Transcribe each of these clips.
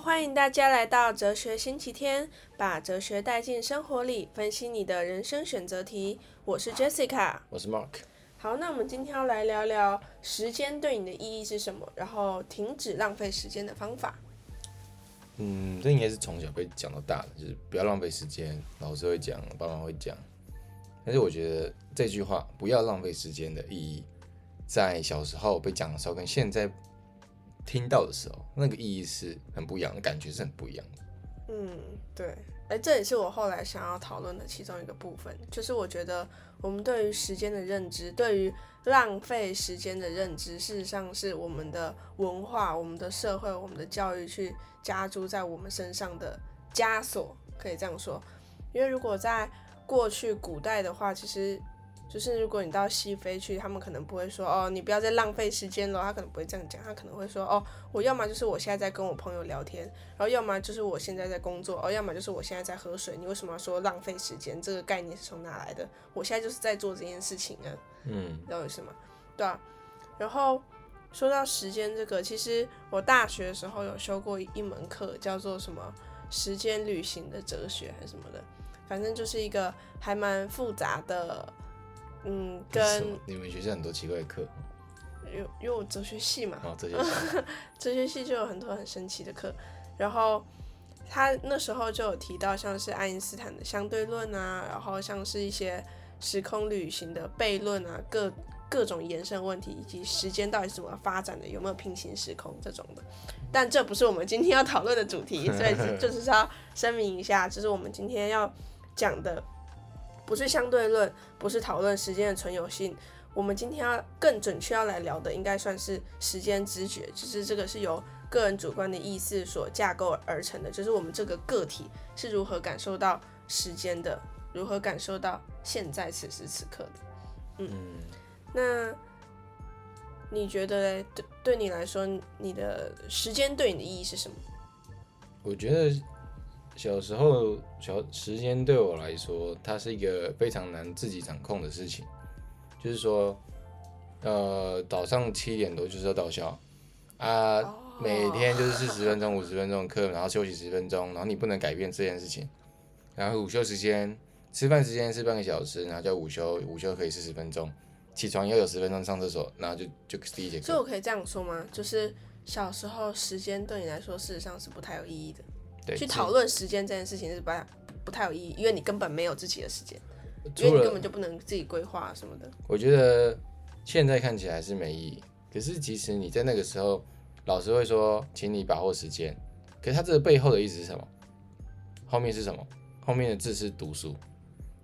歡迎大家來到哲學星期天，把哲學帶進生活裡，分析你的人生選擇題。我是 Jessica，我是 Mark。好，那我們今天要來聊聊時間對你的意義是什麼，然後停止浪費時間的方法。嗯，這應該是從小被講到大的，就是不要浪費時間，老師會講，爸媽會講。但是我覺得這句話“不要浪費時間”的意義，在小時候被講的時候，跟現在，聽到的時候，那個意義是很不一樣的，感覺是很不一樣的。嗯，對，而、欸、這也是我後來想要討論的其中一個部分，就是我覺得我們對於時間的認知，對於浪費時間的認知，事實上是我們的文化、我們的社會、我們的教育去加諸在我們身上的枷鎖，可以這樣說。因為如果在過去古代的話，其實。就是如果你到西非去，他們可能不會說哦，你不要再浪費時間了。他可能不會這樣講，他可能會說哦，我要麼就是我現在在跟我朋友聊天，然後要麼就是我現在在工作，哦，要麼就是我現在在喝水。你為什麼要說浪費時間？這個概念是從哪來的？我現在就是在做這件事情啊。嗯，然後有什麼？對啊。然後說到時間這個，其實我大學的時候有修過一，一門課，叫做什麼時間旅行的哲學還是什麼的，反正就是一個還蠻複雜的。嗯，跟你們學校很多奇怪的課，有因為我哲學系嘛，然、哦、哲學系 哲學系就有很多很神奇的課，然後他那時候就有提到像是愛因斯坦的相對論啊，然後像是一些時空旅行的悖論啊，各各種延伸問題以及時間到底是怎麼發展的，有沒有平行時空這種的，但這不是我們今天要討論的主題， 所以這、就是就是要聲明一下，這、就是我們今天要講的。不是相對論，不是討論時間的存有性。我們今天要更準確要來聊的，應該算是時間知覺，只是這個是由個人主觀的意識所架構而成的，就是我們這個個體是如何感受到時間的，如何感受到現在此時此刻的。嗯，嗯，那你覺得咧，對對你來說，你的時間對你的意義是什麼？我覺得。小時候，小時間對我來說，它是一個非常難自己掌控的事情。就是說，呃，早上七點多就是要到校啊，每天就是四十分鐘、五十分鐘的課，然後休息十分鐘，然後你不能改變這件事情。然後午休時間、吃飯時間是半個小時，然後就午休，午休可以四十分鐘。起床又有十分鐘上廁所，然後就就第一節課。所以我可以這樣說嗎？就是小時候時間對你來說，事實上是不太有意義的。對去討論時間這件事情是不太不太有意義，因為你根本沒有自己的時間，了因為你根本就不能自己規劃什麼的。我覺得現在看起來是沒意義，可是即使你在那個時候老師會說，請你把握時間，可是他這個背後的意思是什麼？後面是什麼？後面的字是讀書。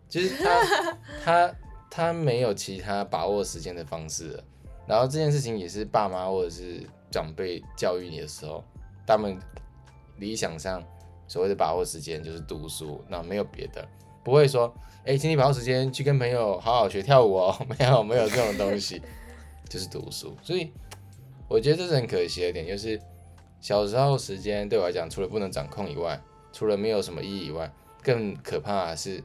其實他他他沒有其他把握時間的方式了。然後這件事情也是爸媽或者是長輩教育你的時候，他們。理想上，所謂的把握時間就是讀書，那沒有別的，不會說，哎、欸，請你把握時間去跟朋友好好學跳舞哦，沒有沒有這種東西， 就是讀書。所以我覺得這是很可惜的點，就是小時候時間對我來講，除了不能掌控以外，除了沒有什麼意義以外，更可怕的是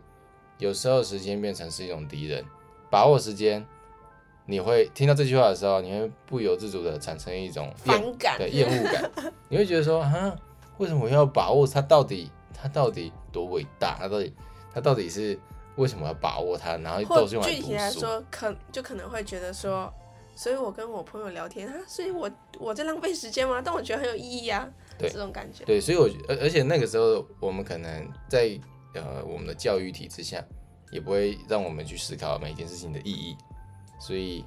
有時候時間變成是一種敵人。把握時間，你會聽到這句話的時候，你會不由自主的產生一種反感、厭惡感，你會覺得說，哈。為什麼要把握它？它到底它到底多偉大？它到底它到底是為什麼要把握它？然後倒進來或具體來說，可就可能會覺得說，所以我跟我朋友聊天啊，所以我我在浪費時間嗎？但我覺得很有意義呀，啊，對這種感覺。對，所以我而而且那個時候，我們可能在呃我們的教育體制下，也不會讓我們去思考每件事情的意義，所以。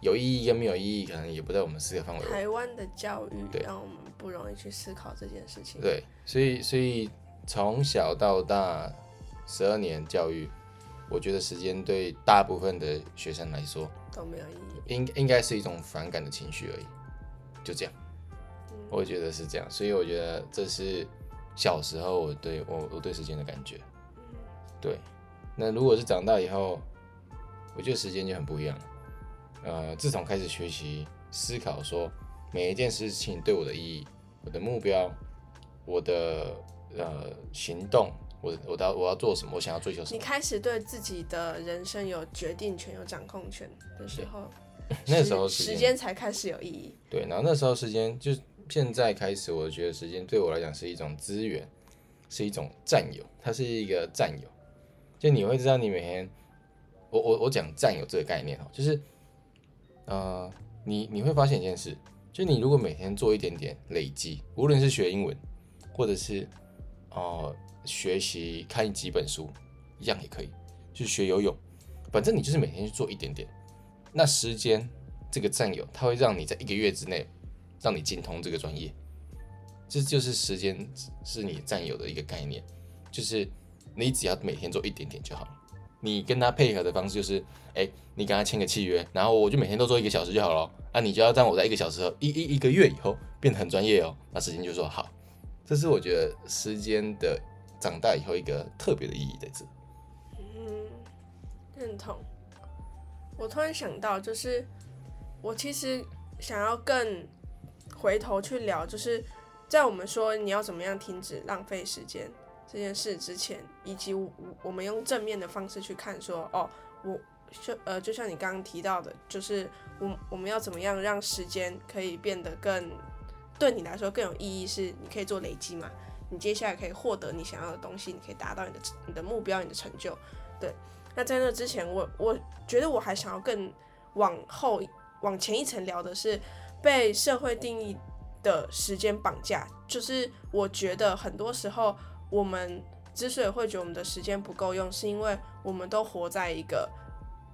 有意義跟沒有意義，可能也不在我們思考範圍。台灣的教育讓我們不容易去思考這件事情。對，所以所以從小到大十二年教育，我覺得時間對大部分的學生來說都沒有意義，應應該是一種反感的情緒而已。就這樣，嗯、我覺得是這樣。所以我覺得這是小時候我對我我對時間的感覺。嗯、對，那如果是長大以後，我覺得時間就很不一樣了。呃，自從開始學習思考，說每一件事情對我的意義、我的目標、我的呃行動，我我到我要做什麼，我想要追求什麼。你開始對自己的人生有決定權、有掌控權的時候，那時候時間才開始有意義。對，然後那時候時間就現在開始，我覺得時間對我來講是一種資源，是一種佔有，它是一個佔有。就你會知道，你每天，我我我講佔有這個概念哦，就是。呃，你你會發現一件事，就你如果每天做一點點累積，無論是學英文，或者是哦、呃、學習看幾本書，一樣也可以，就學游泳，反正你就是每天去做一點點，那時間這個佔有，它會讓你在一個月之內讓你精通這個專業，這就是時間是你佔有的一個概念，就是你只要每天做一點點就好。你跟他配合的方式就是，哎，你跟他簽個契約，然後我就每天都做一個小時就好了。啊，你就要讓我在一個小時後，一一一個月以後變得很專業哦。那時間就說好，這是我覺得時間的長大以後一個特別的意義在這。嗯，認同。我突然想到，就是我其實想要更回頭去聊，就是在我們說你要怎麼樣停止浪費時間這件事之前，以及我我們用正面的方式去看說，說哦，我就呃，就像你剛剛提到的，就是我們我們要怎麼樣讓時間可以變得更對你來說更有意義，是你可以做累積嘛？你接下來可以獲得你想要的東西，你可以達到你的你的目標，你的成就。對，那在那之前，我我覺得我還想要更往後往前一層聊的是被社會定義的時間綁架，就是我覺得很多時候。我們之所以會覺得我們的時間不夠用，是因為我們都活在一個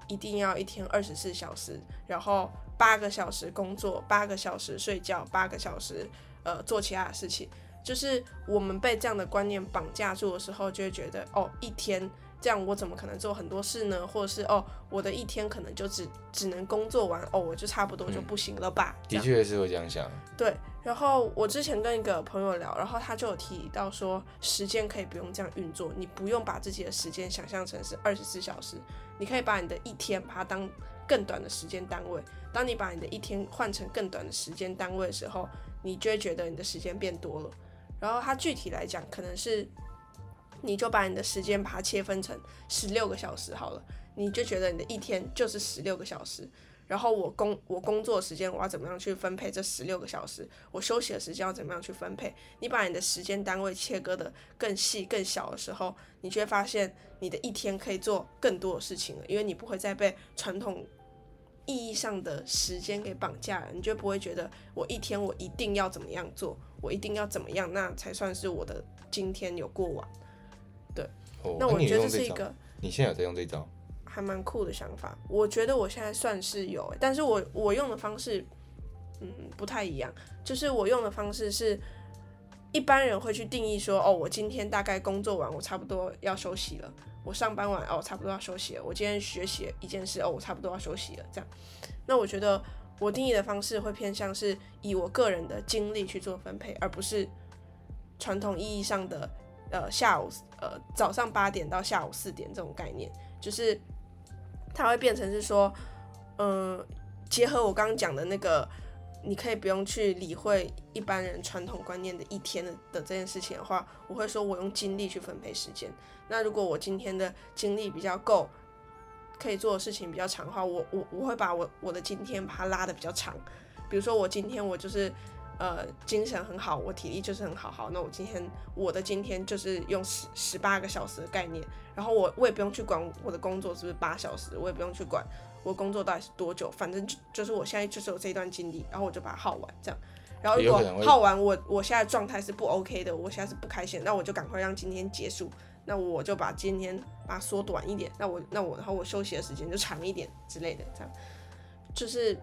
一定要一天二十四小時，然後八個小時工作，八個小時睡覺，八個小時呃做其他的事情。就是我們被這樣的觀念綁架住的時候，就會覺得哦，一天這樣我怎麼可能做很多事呢？或者是哦，我的一天可能就只只能工作完，哦，我就差不多就不行了吧？嗯，這樣。的確是我這樣想。對。然後我之前跟一個朋友聊，然後他就有提到說，時間可以不用這樣運作，你不用把自己的時間想象成是二十四小時，你可以把你的一天把它當更短的時間單位。當你把你的一天換成更短的時間單位的時候，你就會覺得你的時間變多了。然後他具體來講，可能是你就把你的時間把它切分成十六個小時好了，你就覺得你的一天就是十六個小時。然後我工我工作時間，我要怎麼樣去分配這十六個小時？我休息的時間要怎麼樣去分配？你把你的時間單位切割得更細、更小的時候，你就會發現你的一天可以做更多的事情了，因為你不會再被傳統意義上的時間給綁架了。你就不會覺得我一天我一定要怎麼樣做，我一定要怎麼樣，那才算是我的今天有過完。對，哦，那我覺得這是一個？你，你現在有在用這招？還蠻酷的想法，我覺得我現在算是有，但是我我用的方式，嗯，不太一樣。就是我用的方式是，一般人會去定義說，哦，我今天大概工作完，我差不多要休息了；我上班完，哦，我差不多要休息了；我今天學習一件事，哦，我差不多要休息了。這樣，那我覺得我定義的方式會偏向是以我個人的精力去做分配，而不是傳統意義上的，呃，下午，呃，早上八點到下午四點這種概念，就是。它會變成是說，嗯，結合我剛剛講的那個，你可以不用去理會一般人傳統觀念的一天的，的這件事情的話，我會說，我用精力去分配時間。那如果我今天的精力比較夠，可以做的事情比較長的話，我我我會把我我的今天把它拉得比較長。比如說我今天我就是。呃，精神很好，我體力就是很好。好，那我今天我的今天就是用十十八個小時的概念，然後我我也不用去管我的工作是不是八小時，我也不用去管我工作到底是多久，反正就就是我現在就是有這一段精力，然後我就把它耗完這樣。然後如果耗完我，我我現在狀態是不 OK 的，我現在是不開心，那我就趕快讓今天結束，那我就把今天把它縮短一點，那我那我然後我休息的時間就長一點之類的，這樣就是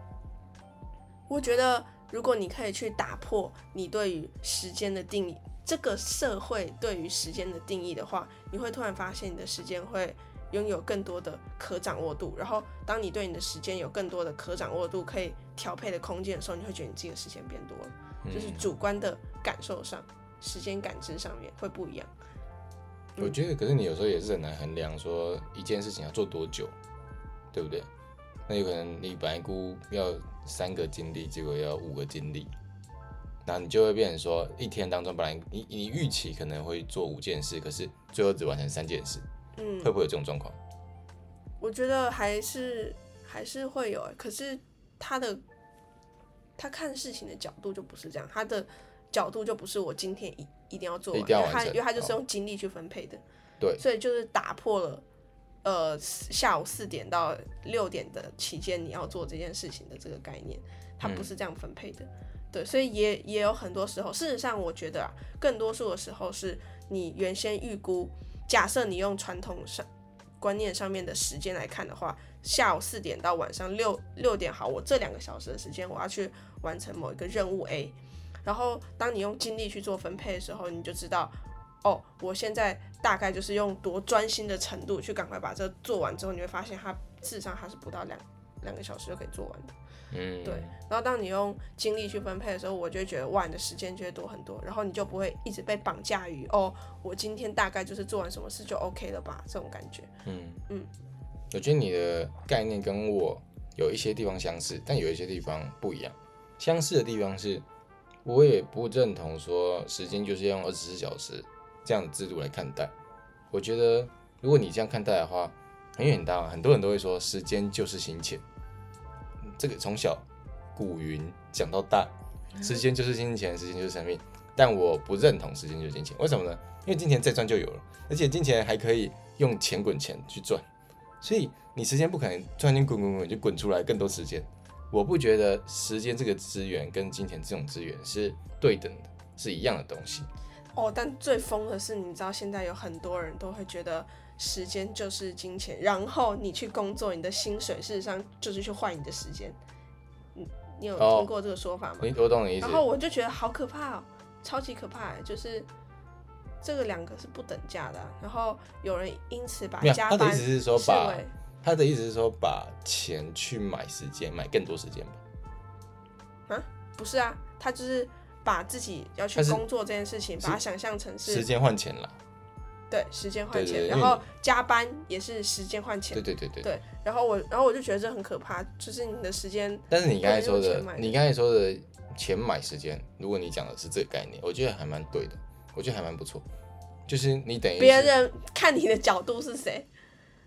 我覺得。如果你可以去打破你對於時間的定義，這個社會對於時間的定義的話，你會突然發現你的時間會擁有更多的可掌握度。然後，當你對你的時間有更多的可掌握度、可以調配的空間的時候，你會覺得你自己的時間變多了，嗯、就是主觀的感受上、時間感知上面會不一樣。我覺得，可是你有時候也是很難衡量說一件事情要做多久，對不對？那有可能你本來估要。三個精力，結果要五個精力。然後你就會變成說，一天當中本來你你預期可能會做五件事，可是最後只完成三件事，嗯，會不會有這種狀況？我覺得還是還是會有、欸，可是他的他看事情的角度就不是這樣，他的角度就不是我今天一一定要做完，要完因為他、哦、因為他就是用精力去分配的，對，所以就是打破了。呃，下午四點到六點的期間，你要做這件事情的這個概念，它不是這樣分配的。嗯、對，所以也也有很多時候，事實上我覺得啊，更多數的時候是你原先預估，假設你用傳統上觀念上面的時間來看的話，下午四點到晚上六六點好，我這兩個小時的時間我要去完成某一個任務 A，然後當你用精力去做分配的時候，你就知道。哦，oh, 我現在大概就是用多專心的程度去趕快把這做完之後，你會發現它事實上它是不到兩兩個小時就可以做完的。嗯，對。然後當你用精力去分配的時候，我就會覺得哇，你的時間就會多很多，然後你就不會一直被綁架於哦，oh, 我今天大概就是做完什麼事就 OK 了吧，這種感覺。嗯嗯，嗯，我覺得你的概念跟我有一些地方相似，但有一些地方不一樣。相似的地方是，我也不認同說時間就是要用二十四小時。這樣的制度來看待，我覺得如果你這樣看待的話，很遠大啊。很多人都會說，時間就是金錢。這個從小古云講到大，時間就是金錢，時間就是生命。但我不認同時間就是金錢，為什麼呢？因為金錢再賺就有了，而且金錢還可以用錢滾錢去賺。所以你時間不可能突然間滾滾滾就滾出來更多時間。我不覺得時間這個資源跟金錢這種資源是對等的，是一樣的東西。哦，但最瘋的是，你知道現在有很多人都會覺得時間就是金錢，然後你去工作，你的薪水事實上就是去換你的時間。你有聽過這個說法嗎？哦、然後我就覺得好可怕、喔，超級可怕、欸，就是這個兩個是不等價的、啊。然後有人因此把加班，是把是為，他的意思是說把，他的意思是說把錢去買時間，買更多時間吧？啊，不是啊，他就是。把自己要去工作這件事情，但是，把它想象成是時間換錢了。對，時間換錢，對對對，然後加班也是時間換錢。對對對對。對，然後我，然後我就覺得這很可怕，就是你的時間。但是你剛才說的，你剛才說的錢買時間，如果你講的是這個概念，我覺得還蠻對的，我覺得還蠻不錯。就是你等於別人看你的角度是誰？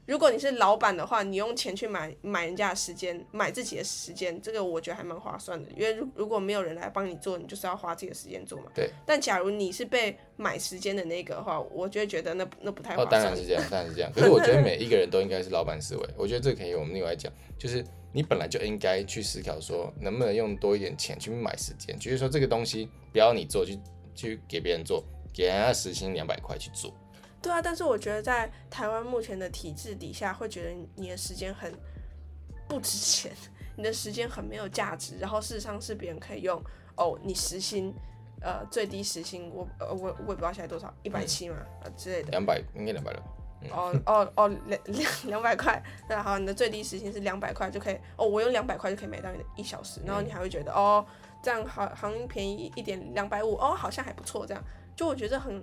如果你是老闆的話，你用錢去買買人家的時間，買自己的時間，這個我覺得還蠻划算的，因為如如果沒有人來幫你做，你就是要花自己的時間做嘛。對。但假如你是被買時間的那個的話，我就會覺得那那不太划算。哦，當然是這樣，當然是這樣。可是我覺得每一個人都應該是老闆思維，呵呵我覺得這可以我們另外講，就是你本來就應該去思考說，能不能用多一點錢去買時間，就是說這個東西不要你做，去去給別人做，給人家時薪兩百塊去做。對啊，但是我覺得在台灣目前的體制底下，會覺得你的時間很不值錢，嗯、你的時間很沒有價值。然後事實上是別人可以用，哦，你時薪，呃，最低時薪我我我也不知道現在多少，一百七嘛，啊、嗯、之類的。兩百，應該兩百了。嗯、哦哦哦，兩兩百塊，那好，你的最低時薪是兩百塊就可以，哦，我用兩百塊就可以買到你的一小時，嗯、然後你還會覺得，哦，這樣好好像便宜一點，兩百五，哦，好像還不錯，這樣就我覺得很。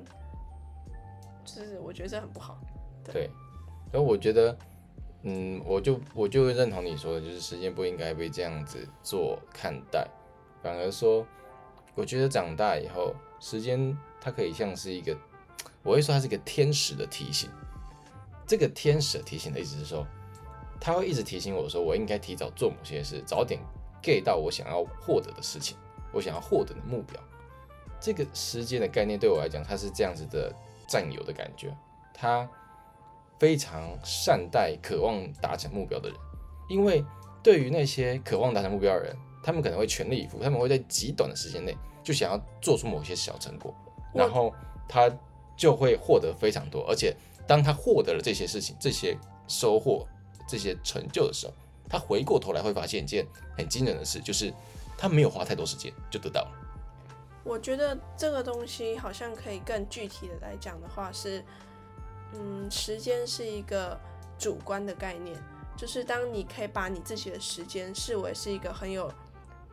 就是我覺得這很不好，對。然後我覺得，嗯，我就我就會認同你說的，就是時間不應該被這樣子做看待，反而說，我覺得長大以後，時間它可以像是一個，我會說它是一個天使的提醒。這個天使提醒的意思是說，它會一直提醒我說，我應該提早做某些事，早點 get 到我想要獲得的事情，我想要獲得的目標。這個時間的概念對我來講，它是這樣子的。佔有的感覺，他非常善待渴望達成目標的人，因為對於那些渴望達成目標的人，他們可能會全力以赴，他們會在極短的時間內就想要做出某些小成果，然後他就會獲得非常多。我 而且當他獲得了這些事情、這些收穫、這些成就的時候，他回過頭來會發現一件很驚人的事，就是他沒有花太多時間就得到了。我覺得這個東西好像可以更具體的來講的話是，嗯，時間是一個主觀的概念，就是當你可以把你自己的時間視為是一個很有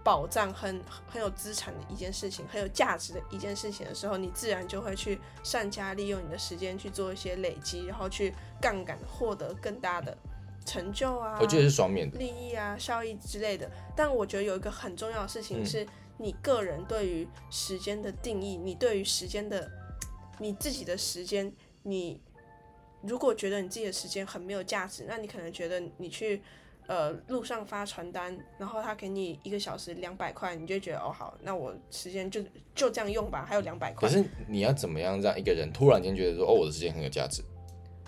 保障、很很有資產的一件事情、很有價值的一件事情的時候，你自然就會去善加利用你的時間去做一些累積，然後去槓桿獲得更大的成就啊。我覺得是雙面的利益啊、效益之類的。但我覺得有一個很重要的事情是，嗯你個人對於時間的定義，你對於時間的，你自己的時間，你如果覺得你自己的時間很沒有價值，那你可能覺得你去呃路上發傳單，然後他給你一個小時兩百塊，你就覺得哦好，那我時間就就這樣用吧，還有兩百塊。可是你要怎麼樣讓一個人突然間覺得說哦我的時間很有價值？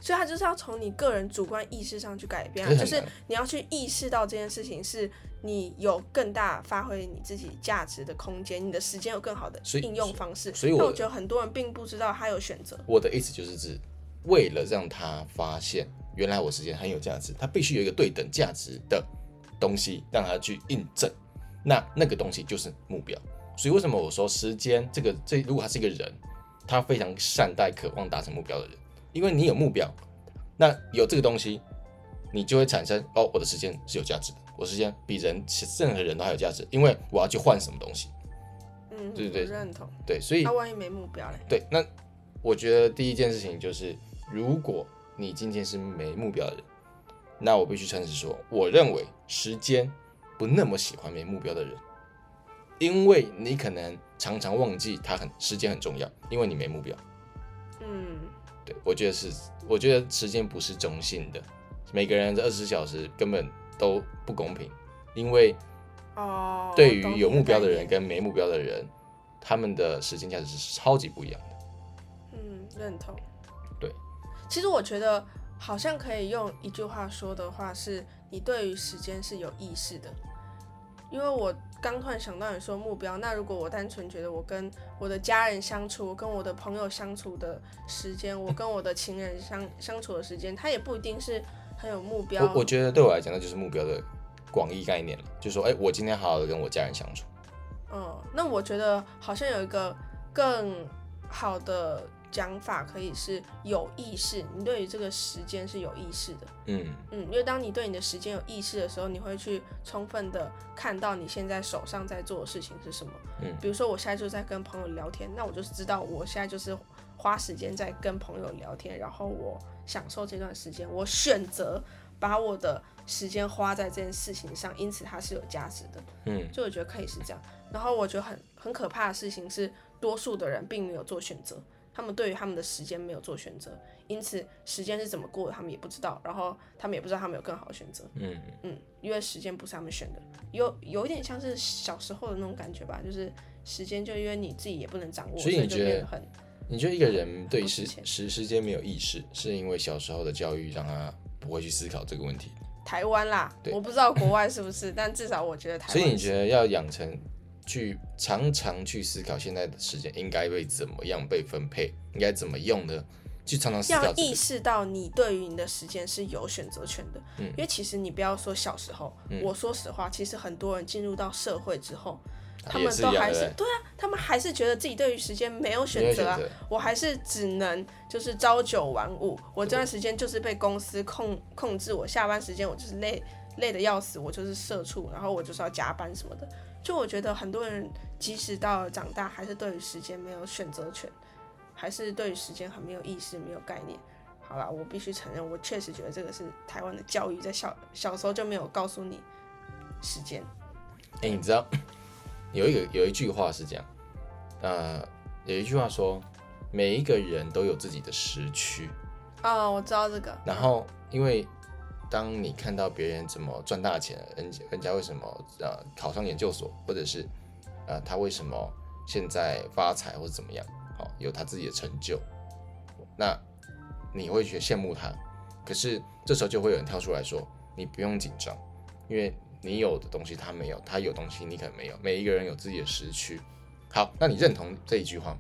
所以，他就是要從你個人主觀意識上去改變，啊，是就是你要去意識到這件事情是你有更大發揮你自己價值的空間，你的時間有更好的應用方式。所以，所以我，我覺得很多人並不知道他有選擇。我的意思就是指，為了讓他發現原來我時間很有價值，他必須有一個對等價值的東西讓他去印證，那那個東西就是目標。所以，為什麼我說時間這個這，如果他是一個人，他非常善待渴望達成目標的人。因為你有目標，那有這個東西，你就會產生哦，我的時間是有價值的，我時間比人任何人都還有價值，因為我要去換什麼東西。嗯，對對對，認同。對，所以他、啊、萬一沒目標呢？對，那我覺得第一件事情就是，如果你今天是沒目標的人，那我必須誠實說，我認為時間不那麼喜歡沒目標的人，因為你可能常常忘記他很時間很重要，因為你沒目標。嗯。我覺得是，我覺得時間不是中性的，每個人這二十四小時根本都不公平，因為哦，對於有目標的人跟沒目標的人，哦，我懂的概念。他們的時間價值是超級不一樣的。嗯，認同。對，其實我覺得好像可以用一句話說的話，是你對於時間是有意識的，因為我。剛突然想到你說目標，那如果我單純覺得我跟我的家人相處、我跟我的朋友相處的時間、我跟我的情人相 相處的時間，他也不一定是很有目標。我我覺得對我來講，那就是目標的廣義概念了，就是說，哎，我今天好好的跟我家人相處。嗯，那我覺得好像有一個更好的。講法可以是有意識，你對於這個時間是有意識的。嗯嗯，因為當你對你的時間有意識的時候，你會去充分的看到你現在手上在做的事情是什麼。嗯，比如說我現在就在跟朋友聊天，那我就是知道我現在就是花時間在跟朋友聊天，然後我享受這段時間，我選擇把我的時間花在這件事情上，因此它是有價值的。嗯，就我覺得可以是這樣。然後我覺得很很可怕的事情是，多數的人並沒有做選擇。他們對於他們的時間沒有做選擇，因此時間是怎麼過的他們也不知道，然後他們也不知道他們有更好的選擇。嗯嗯，因為時間不是他們選的，有有一點像是小時候的那種感覺吧，就是時間就因為你自己也不能掌握，所以你覺得，就變得很，你覺得一個人對時、嗯、時時間沒有意識，是因為小時候的教育讓他不會去思考這個問題。台灣啦，對我不知道國外是不是， 但至少我覺得台灣。所以你覺得要養成？去常常去思考，現在的時間應該被怎麼樣被分配，應該怎麼用呢？就常常思考、這個、要意識到你對於你的時間是有選擇權的，嗯、因為其實你不要說小時候，嗯、我說實話，其實很多人進入到社會之後，啊、他們都還是，是對啊，他們還是覺得自己對於時間沒有選擇、啊，選我還是只能就是朝九晚五，我這段時間就是被公司控控制我，我下班時間我就是累累得要死，我就是社畜，然後我就是要加班什麼的。就我覺得很多人，即使到了長大，還是對於時間沒有選擇權，還是對於時間很沒有意識、沒有概念。好啦，我必須承認，我確實覺得這個是台灣的教育，在小小時候就沒有告訴你時間。哎、欸，你知道有一個有一句話是這樣，呃，有一句話說，每一個人都有自己的時區。哦，我知道這個。然後因為。當你看到別人怎麼賺大錢，人人家為什麼呃考上研究所，或者是呃他為什麼現在發財或者怎麼樣，好、哦、有他自己的成就，那你會去羨慕他，可是這時候就會有人跳出來說，你不用緊張，因為你有的東西他沒有，他有東西你可能沒有，每一個人有自己的時區，好，那你認同這一句話嗎？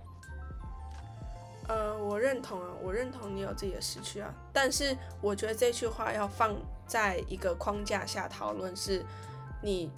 我認同啊，我認同你有自己的失去啊，但是我覺得這句話要放在一個框架下討論，是你，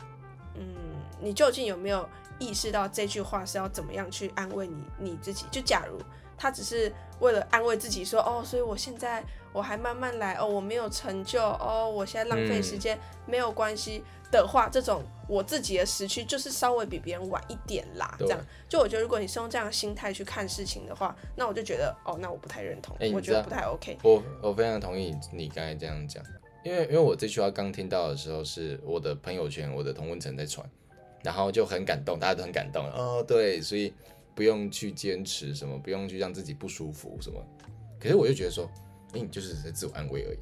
嗯，你究竟有沒有意識到這句話是要怎麼樣去安慰你你自己？就假如。他只是為了安慰自己說哦，所以我現在我還慢慢來哦，我沒有成就哦，我現在浪費時間沒有關係的話，嗯、這種我自己的時區就是稍微比別人晚一點啦。對這樣，就我覺得如果你是用這樣心態去看事情的話，那我就覺得哦，那我不太認同，欸、我覺得不太 OK。我我非常同意你剛才這樣講，因為因為我這句話剛聽到的時候是我的朋友圈，我的同溫層在傳，然後就很感動，大家都很感動。哦，對，所以。不用去堅持什麼，不用去讓自己不舒服什麼，可是我就覺得說，哎、欸，你就是在自我安慰而已。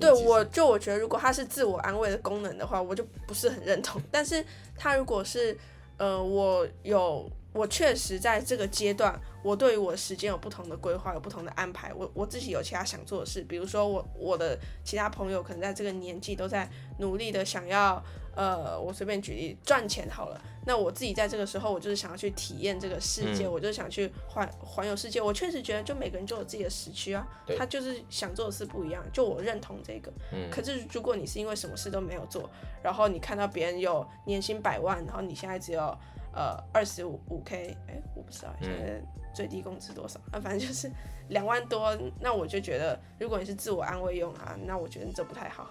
對，我就我覺得，如果它是自我安慰的功能的話，我就不是很認同。但是它如果是，呃，我有。我確實在這個階段，我對於我的時間有不同的規劃，有不同的安排。我我自己有其他想做的事，比如說我我的其他朋友可能在這個年紀都在努力的想要，呃，我隨便舉例賺錢好了。那我自己在這個時候，我就是想要去體驗這個世界，我就是想去環環遊世界。我確實覺得就每個人就有自己的時區啊，他就是想做的事不一樣。就我認同這個，可是如果你是因為什麼事都沒有做，然後你看到別人有年薪百萬，然後你現在只有。呃，二十五五 K，哎、欸，我不知道現在最低工資多少，嗯、反正就是兩萬多。那我就覺得，如果你是自我安慰用啊，那我覺得這不太好，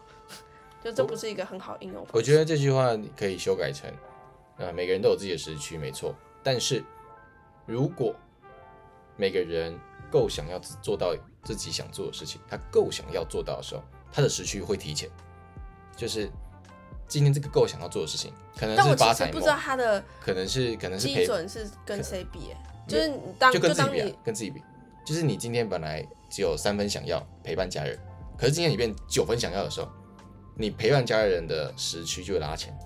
就這不是一個很好應用我。我覺得這句話你可以修改成，啊，每個人都有自己的時區，沒錯。但是，如果每個人夠想要做到自己想做的事情，他夠想要做到的時候，他的時區會提前，就是。今天這個夠想要做的事情，可能是發財夢。不知道他的可能是可能是基準是跟誰比，欸，能就是當就跟自己比，啊，當跟自己比，就是你今天本來只有三分想要陪伴家人，可是今天你變九分想要的時候，你陪伴家人的時區就會拉前，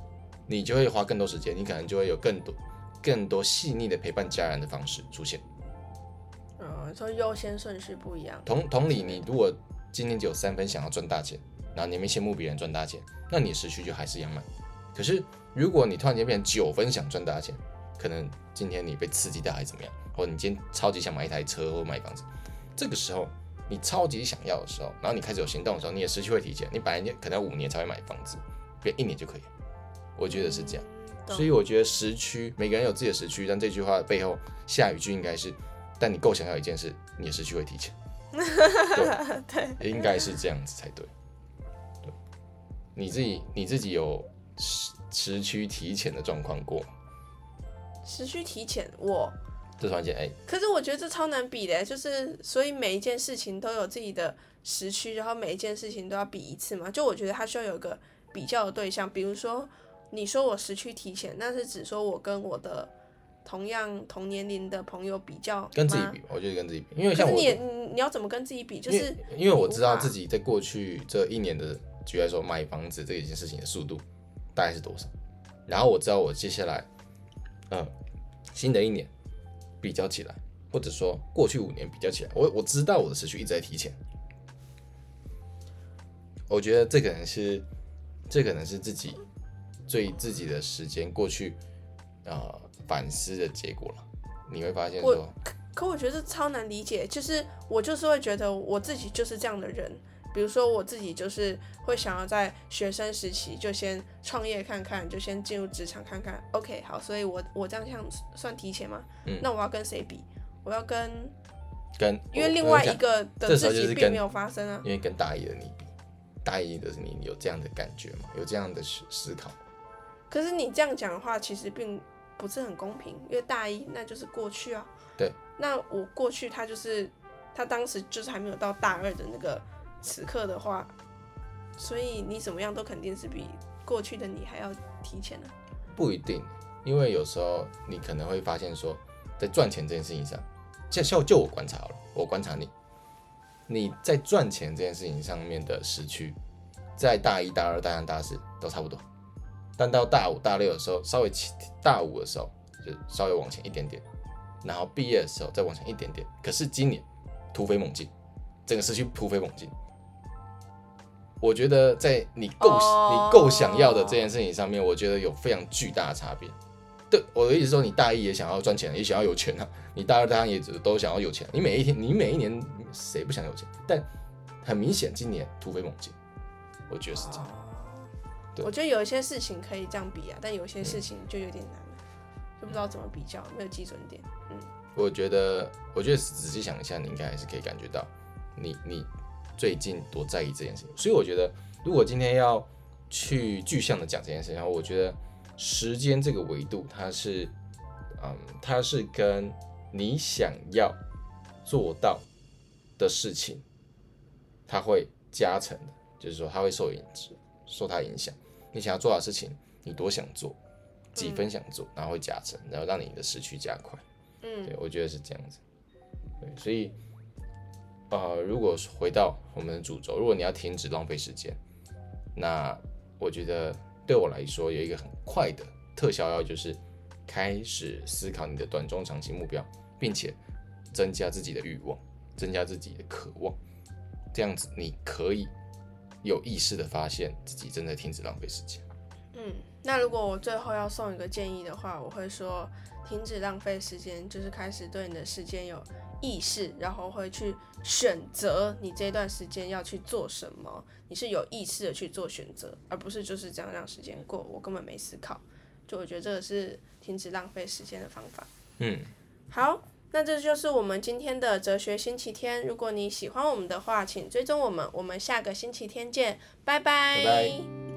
你就會花更多時間，你可能就會有更多更多細膩的陪伴家人的方式出現。嗯，所以優先順序不一樣。同同理，你如果今天只有三分想要賺大錢。那你們羨慕別人賺大錢，那你的時區就還是一樣慢。可是如果你突然間變成九分想賺大錢，可能今天你被刺激到，還是怎麼樣？或者你今天超級想買一台車，或買房子，這個時候你超級想要的時候，然後你開始有行動的時候，你的時區會提前。你本來可能要五年才會買房子，變一年就可以了。我覺得是這樣。懂所以我覺得時區每個人有自己的時區，但這句話背後下一句應該是：但你夠想要一件事，你的時區會提前。對 對，應該是這樣子才對。 你自己你自己有時時區提前的狀況過？時區提前我這算是哎，可是我覺得這超難比的，就是所以每一件事情都有自己的時區，然後每一件事情都要比一次嘛。就我覺得它需要有個比較的對象，比如說你說我時區提前，那是指說我跟我的同樣同年齡的朋友比較，跟自己比，我覺得跟自己比，因為像我你你要怎麼跟自己比，就是因為，因為我知道自己在過去這一年的。舉例說，買房子這一件事情的速度大概是多少？然後我知道我接下來，嗯，新的一年比較起來，或者說過去五年比較起來，我我知道我的時區一直在提前。我覺得這可能是，這可能是自己對自己的時間過去，呃，反思的結果了。你會發現說，我可，可我覺得超難理解，就是我就是會覺得我自己就是這樣的人。比如說我自己就是會想要在學生時期就先創業看看，就先進入職場看看。OK，好，所以我我這樣像算提前嗎？嗯，那我要跟誰比？我要跟跟，因為另外一個的事情並沒有發生啊。因為跟大一的你比，大一的你有這樣的感覺嗎？有這樣的思思考？可是你這樣講的話，其實並不是很公平，因為大一那就是過去啊。對。那我過去他就是他當時就是還沒有到大二的那個。此刻的話，所以你怎麼樣都肯定是比過去的你還要提前了。啊，不一定，因為有時候你可能會發現說，在賺錢這件事情上，就就就我觀察好了，我觀察你，你在賺錢這件事情上面的時區，在大一、大二、大三、大四都差不多，但到大五大六的時候稍微起，大五的時候就稍微往前一點點，然後畢業的時候再往前一點點。可是今年突飛猛進，整個時區突飛猛進。我覺得在你夠、oh. 你夠想要的這件事情上面，oh. 我覺得有非常巨大的差別。對，我的意思是說，你大一也想要賺錢，也想要有錢啊。你大二大三也都想要有錢。你每一天，你每一年，誰不想有錢？但很明顯，今年突飛猛進，我覺得是這樣。對。我覺得有一些事情可以這樣比啊，但有些事情就有點難了，嗯、就不知道怎麼比較，沒有基準點。嗯，我覺得，我覺得仔細想一下，你應該還是可以感覺到，你你。最近多在意這件事情，所以我覺得，如果今天要去具象的講這件事情，然後我覺得時間這個維度，它是，嗯，它是跟你想要做到的事情，它會加成的，就是說它會受影，受它影響。你想要做的事情，你多想做，幾分想做，然後會加成，然後讓你的時區加快。嗯，對，我覺得是這樣子。對，所以。呃，如果回到我們的主軸，如果你要停止浪費時間，那我覺得對我來說有一個很快的特效藥，就是開始思考你的短中長期目標，並且增加自己的慾望，增加自己的渴望，這樣子你可以有意識的發現自己正在停止浪費時間。嗯，那如果我最後要送一個建議的話，我會說停止浪費時間就是開始對你的時間有意識，然後會去選擇你這段時間要去做什麼。你是有意識的去做選擇，而不是就是這樣讓時間過，我根本沒思考。就我覺得這個是停止浪費時間的方法。嗯，好，那這就是我們今天的哲學星期天。如果你喜歡我們的話，請追蹤我們。我們下個星期天見，拜拜。拜拜。